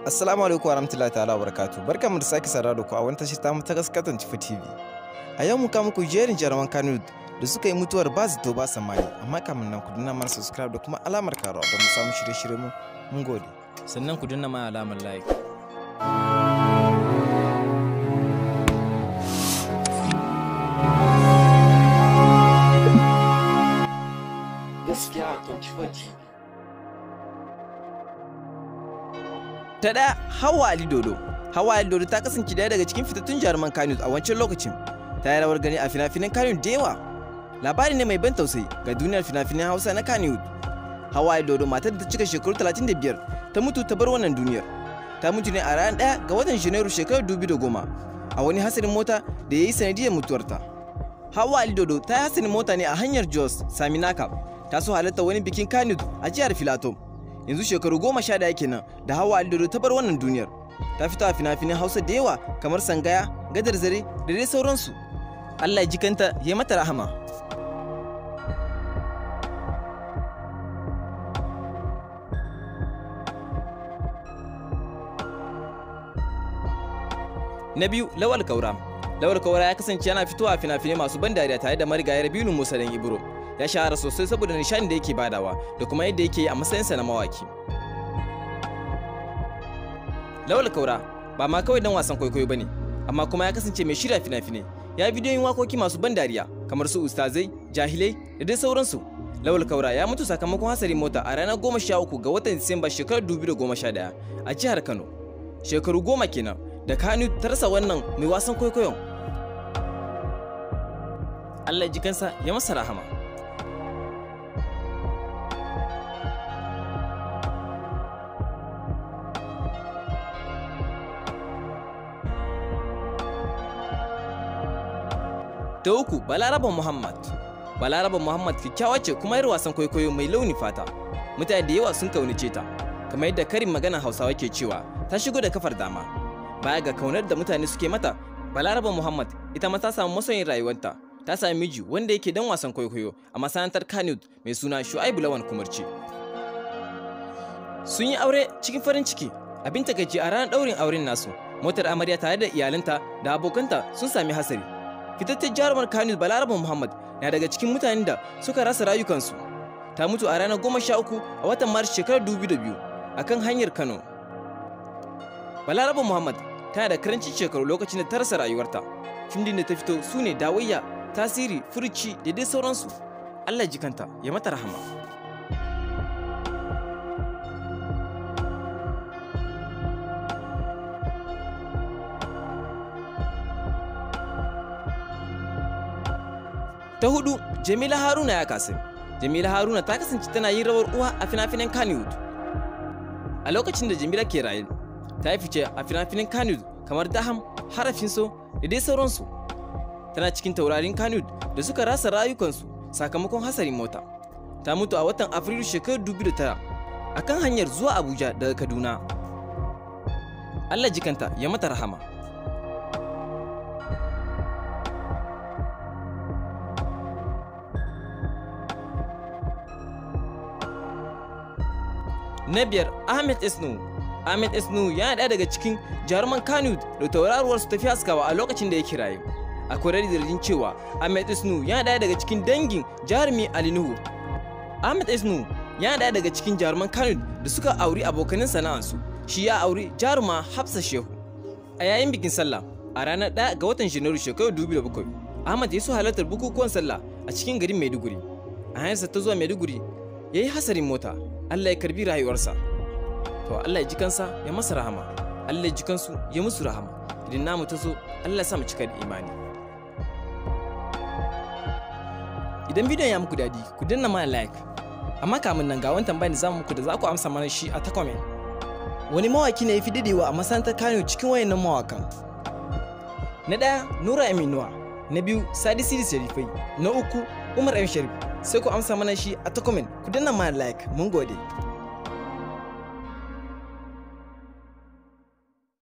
Assalamu alaikum wa rahmatullahi ta'ala wa barakatuh. Barkamu da sake sarra da ku a wani tashi ta ta gaskatan Cifu TV. A yau muka muku jerin jaruman Kano da suka yi mutuwar ba zato ba samari amma kamun nan ku dinna mana subscribe da kuma alamar karo don mu samu shirye-shirye mu. Mun gode. Sannan ku dinna mana alamar like. ta ɗaya hawa ali dodo hawa ali dodo ta kasance daya daga cikin fitattun jaruman kano a wancan lokacin ta yi rawar gani a fina-finan kano da yawa labari ne mai ban tausayi ga duniyar fina-finan hausa na kano hawa ali dodo matar da ta cika shekaru 35 ta mutu ta bar wannan duniyar ta mutu ne a ranar daya ga watan janairu shekarar goma a wani hasarin mota da ya yi sanadiyar mutuwarta hawa ali dodo ta yi hasarin mota ne a hanyar jos saminaka ta so halarta wani bikin kano a jihar filato yanzu shekaru goma sha daya kenan da hawa aldodo ta bar wannan duniyar ta fito a fina-finan hausa da yawa kamar sangaya gadar zare da dai sauransu allah jikanta ya mata rahama na biyu lawal kaura lawal kaura ya kasance yana fitowa a fina-finai masu ban dariya tare da marigayar binu musa dan ibro ya shahara sosai saboda nishadin da yake badawa da kuma yadda yake a matsayinsa na mawaki lawal kaura ba ma kawai dan wasan kwaikwayo bane amma kuma ya kasance mai shirya fina-finai ya bidiyoyin wakoki masu ban dariya kamar su ustazai jahilai da dai sauransu lawal kaura ya mutu sakamakon hasarin mota a ranar goma sha uku ga watan disamba shekarar dubu da goma sha ɗaya a jihar kano shekaru goma kenan da kanu ta rasa wannan mai wasan kwaikwayon Allah jikansa ya masa rahama. Ta uku Balaraba Muhammad. Balaraba Muhammad kyakkyawa ce kuma yar wasan kwaikwayo mai launi fata. Mutane da yawa sun kaunace ta. Kamar yadda karin magana Hausawa ke cewa ta shigo da kafar dama. Baya ga kaunar da mutane suke mata, Balaraba Muhammad ita ma ta samu masoyin rayuwarta. Ta sami miji wanda yake dan wasan kwaikwayo a masana'antar Kanud mai suna Shu'aibu Lawan Kumarci. Sun yi aure cikin farin ciki abin takaici a ranar daurin auren nasu. Motar amarya tare da iyalanta da abokanta sun sami hasari fitaccen jarumar kanil balaraba muhammad na daga cikin mutanen da suka rasa rayukansu ta mutu a ranar goma sha uku a watan maris shekarar dubu da biyu a kan hanyar kano balaraba muhammad tana da karancin shekaru lokacin da ta rasa rayuwarta fimdin da ta fito su ne dawayya tasiri furuci da dai sauransu allah jikanta ya mata rahama ta hudu jamila haruna ya kasu. jamila haruna ta kasance tana yin rawar uwa a fina-finan a lokacin da jamila ke raye ta yi fice a fina-finan kamar daham harafin da dai sauransu tana cikin taurarin kannywood da suka rasa rayukansu sakamakon hasarin mota ta mutu a watan afrilu shekarar 2009 kan hanyar zuwa abuja daga kaduna allah jikanta ya mata rahama na biyar ahmed isnu ahmed isnu yana ɗaya daga cikin jaruman kanu da tauraruwarsu ta haskawa a lokacin da ya kiraye akwai rarrajin cewa ahmed isnu yana ɗaya daga cikin dangin jarumi ali nuhu ahmed isnu yana ɗaya daga cikin jaruman kanu da suka auri abokanin sana'ansu shi ya auri jaruma hafsa shehu a yayin bikin sallah a ranar ɗaya ga watan janairu shekaru dubu da bakwai. Ahmed ya so halartar bukukuwan sallah a cikin garin maiduguri a hanyarsa ta zuwa maiduguri ya yi hasarin mota Allah ya karbi rayuwarsa to Allah ya ji kansa ya masa rahama Allah ya ji kansu ya musu rahama idan namu ta zo Allah ya sa mu cika da imani idan bidiyon ya muku dadi ku danna mana like amma kamun nan ga wani tambayar da za muku da za ku amsa mana shi a ta comment wani mawaki ne ya fi dadewa a masanta Kano cikin wayannan mawakan na ɗaya Nura Aminuwa na biyu sadi sidi sharifai na uku umar m sharif sai ku amsa mana shi a ta ku danna ma like mun gode